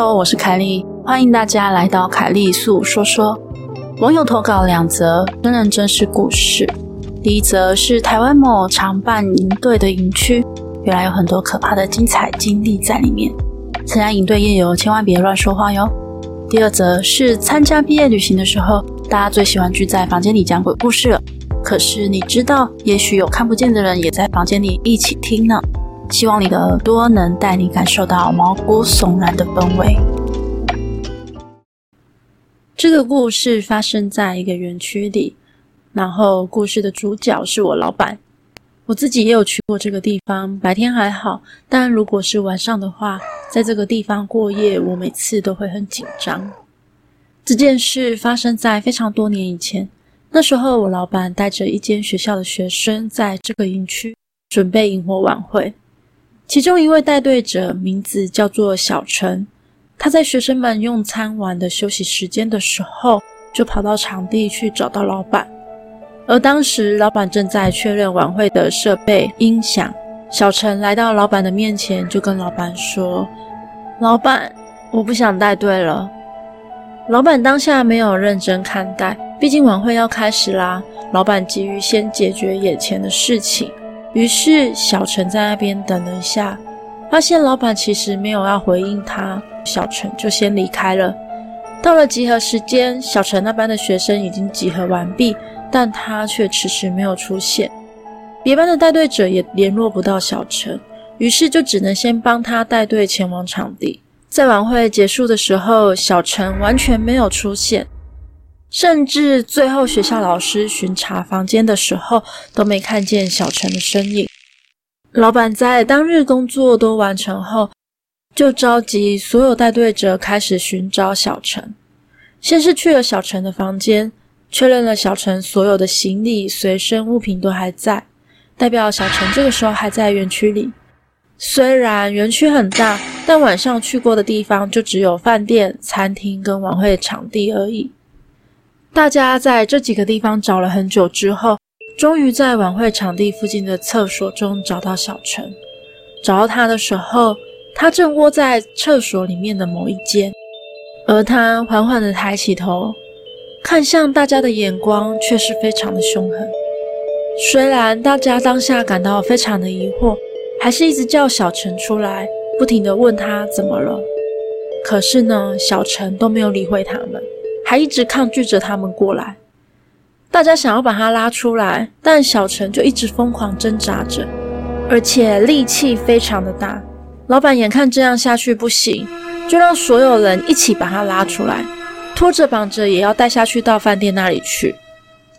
Hello，我是凱莉，歡迎大家來到凱莉粟說說。網友投稿兩則真人真事故事。第一則是台灣某常辦營隊的營區，原來有很多可怕的精彩經歷在裡面。參加營隊夜遊千萬別亂說話喲。第二則是參加畢業旅行的時候，大家最喜歡聚在房間裡講鬼故事了。可是你知道，也許有看不見的人也在房間裡一起聽呢。希望你的耳朵能帶你感受到毛骨悚然的氛圍。這個故事發生在一個園區裡，然後故事的主角是我老闆。我自己也有去過這個地方，白天還好，但如果是晚上的話，在這個地方過夜，我每次都會很緊張。這件事發生在非常多年以前，那時候我老闆帶着一間學校的學生在這個營區準備營火晚會。其中一位帶隊者名字叫做小陳，他在學生們用餐完的休息時間的時候，就跑到場地去找到老闆。而當時老闆正在確認晚會的設備音響，小陳來到老闆的面前，就跟老闆說：“老闆，我不想帶隊了。”老闆當下沒有認真看待，畢竟晚會要開始啦，老闆急於先解決眼前的事情。於是小陳在那邊等了一下，發現老板其實沒有要回應他，小陳就先離開了。到了集合時間，小陳那班的學生已經集合完畢，但他卻遲遲沒有出現。別班的帶隊者也聯絡不到小陳，於是就只能先幫他帶隊前往場地。在晚會結束的時候，小陳完全沒有出現。甚至最後，學校老師巡查房間的時候都沒看見小陳的身影。老闆在當日工作都完成後，就召集所有帶隊者開始尋找小陳。先是去了小陳的房間，確認了小陳所有的行李隨身物品都還在，代表小陳這個時候還在園區裡。雖然園區很大，但晚上去過的地方就只有飯店、餐廳跟晚會場地而已。大家在這幾個地方找了很久之後，終於在晚會場地附近的廁所中找到小陳。找到他的時候，他正窩在廁所裡面的某一間，而他緩緩地抬起頭，看向大家的眼光卻是非常的凶狠。雖然大家當下感到非常的疑惑，還是一直叫小陳出來，不停地問他怎麼了。可是呢，小陳都沒有理會他們。還一直抗拒着他們過來，大家想要把他拉出來，但小陳就一直瘋狂掙扎着，而且力氣非常的大。老板眼看這樣下去不行，就讓所有人一起把他拉出來，拖着綁着也要帶下去到飯店那裡去。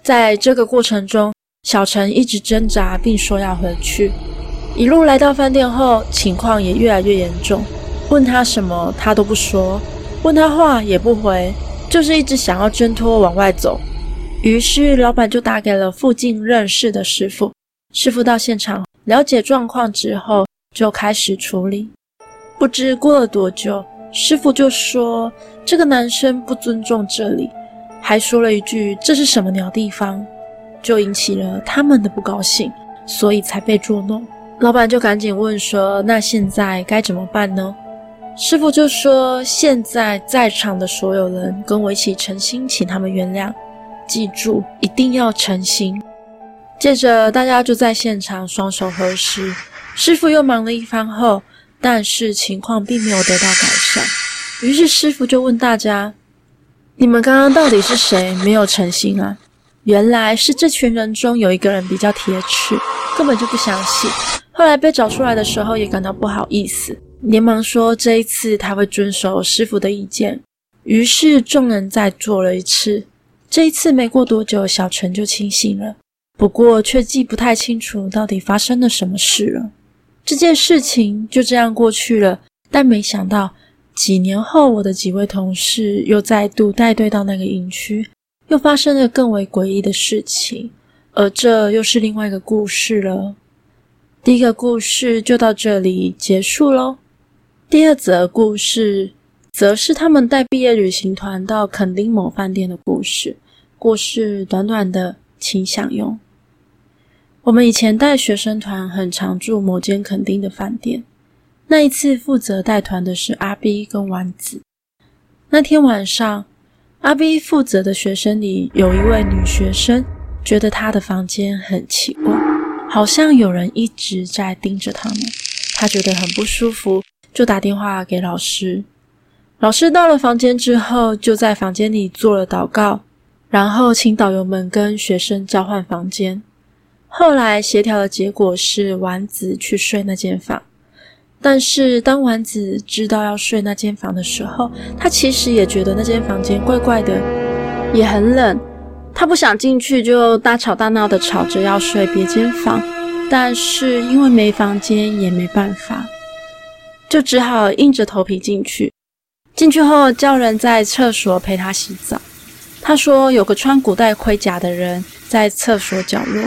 在這個過程中，小陳一直掙扎，並說要回去。一路來到飯店後，情況也越來越嚴重，問他什麼他都不說，問他話也不回。就是一直想要掙脫往外走，於是老闆就打給了附近認識的師傅。師傅到現場了解狀況之後，就開始處理。不知過了多久，師傅就說這個男生不尊重這裡，還說了一句這是什麼鳥地方，就引起了他們的不高興，所以才被捉弄。老闆就趕緊問說，那現在該怎麼辦呢？師傅就說：“現在在場的所有人跟我一起誠心請他們原諒，記住一定要誠心。”接着大家就在現場雙手合十。師傅又忙了一番後，但是情況並沒有得到改善。於是師傅就問大家：“你們剛剛到底是誰沒有誠心啊？”原來是這群人中有一個人比較鐵齒，根本就不相信。後來被找出來的時候，也感到不好意思。連忙說：“這一次他會遵守師傅的意見。”於是眾人再做了一次。這一次沒過多久，小陳就清醒了，不過卻記不太清楚到底發生了什麼事了。這件事情就這樣過去了。但沒想到，幾年後，我的幾位同事又再度帶隊到那個營區，又發生了更為詭異的事情。而這又是另外一個故事了。第一個故事就到這裡結束嘍。第二則故事，則是他們帶畢業旅行團到墾丁某飯店的故事。故事短短的，請享用。我們以前帶學生團很常住某間墾丁的飯店。那一次負責帶團的是阿 B 跟丸子。那天晚上，阿 B 負責的學生裡有一位女學生，覺得她的房間很奇怪，好像有人一直在盯着他們。她覺得很不舒服。就打電話給老師。老師到了房間之後，就在房間裡做了禱告，然後請導遊們跟學生交換房間。後來協調的結果是丸子去睡那間房。但是當丸子知道要睡那間房的時候，他其實也覺得那間房間怪怪的，也很冷。他不想進去，就大吵大鬧的吵着要睡別間房。但是因為沒房間，也沒辦法。就只好硬着頭皮進去。進去後叫人在廁所陪他洗澡。他說有個穿古代盔甲的人在廁所角落，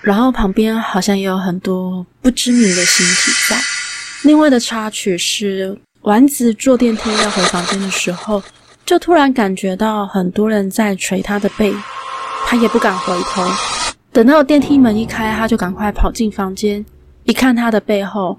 然後旁邊好像也有很多不知名的形體在。另外的插曲是丸子坐電梯要回房間的時候，就突然感覺到很多人在捶他的背，他也不敢回頭。等到電梯門一開，他就趕快跑進房間，一看他的背後。